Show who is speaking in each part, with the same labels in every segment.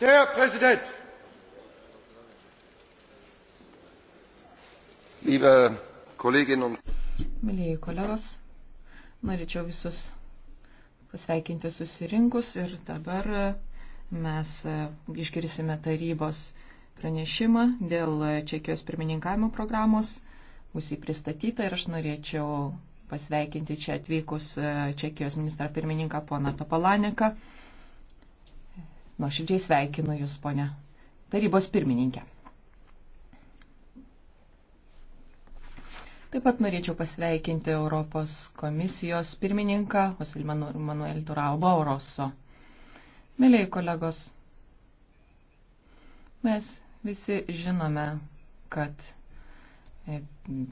Speaker 1: Der Präsident! Liebe Kolleginnen und Mėlyjei kolegos, norėčiau visus pasveikinti susirinkus ir dabar mes išgirsime tarybos pranešimą dėl Čekijos pirmininkavimo programos. Bus jį pristatyta ir aš norėčiau pasveikinti čia atvykus Čekijos ministrą pirmininką poną Topalaneką. Nuoširdžiai sveikinu Jūs, ponė tarybos pirmininkė. Taip pat norėčiau pasveikinti Europos komisijos pirmininką Josel Manuel Turalbo Oroso. Mėlyi kolegos, mes visi žinome, kad e,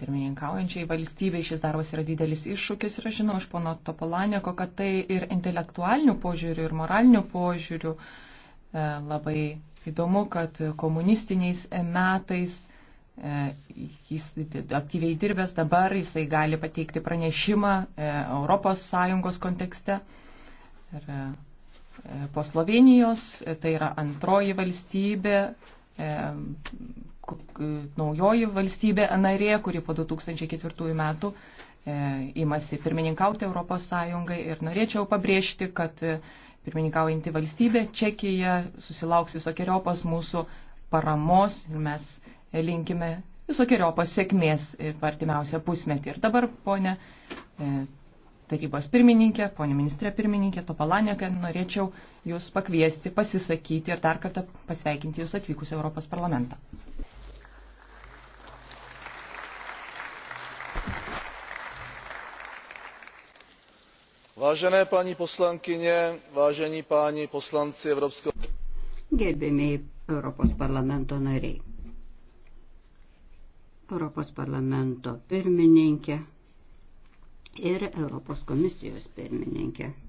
Speaker 1: pirmininkaujančiai valstybei šis darbas yra didelis iššūkis ir aš žinau iš pono Topolaneko, kad tai ir intelektualinių požiūrių, ir moralinių požiūrių E, labai įdomu, kad komunistiniais metais e, jis aktyviai dirbęs dabar, jisai gali pateikti pranešimą ES kontekste. Ir e, po Slovenijos, tai yra antroji valstybė, naujoji valstybė narė, kuri po 2004 metų įmasi e, pirmininkauti Europos Sąjungai ir norėčiau pabrėžti, kad e, pirmininkaujanti valstybė Čekija susilauks visokiojopos mūsų paramos ir mes linkime visokiojopos sėkmės per artimiausią pusmetį. Ir dabar, ponė e, tarybos pirmininkė, ponė ministrė pirmininkė Topalanėka, norėčiau Jūs pakviesti, pasisakyti ir dar kartą pasveikinti Jūs atvykus Europos parlamentą. vážené paní poslankyně vážení páni poslanci evropského gerbiamieji europos parlamento nariai europos parlamento pirmininke ir europos komisijos pirmininke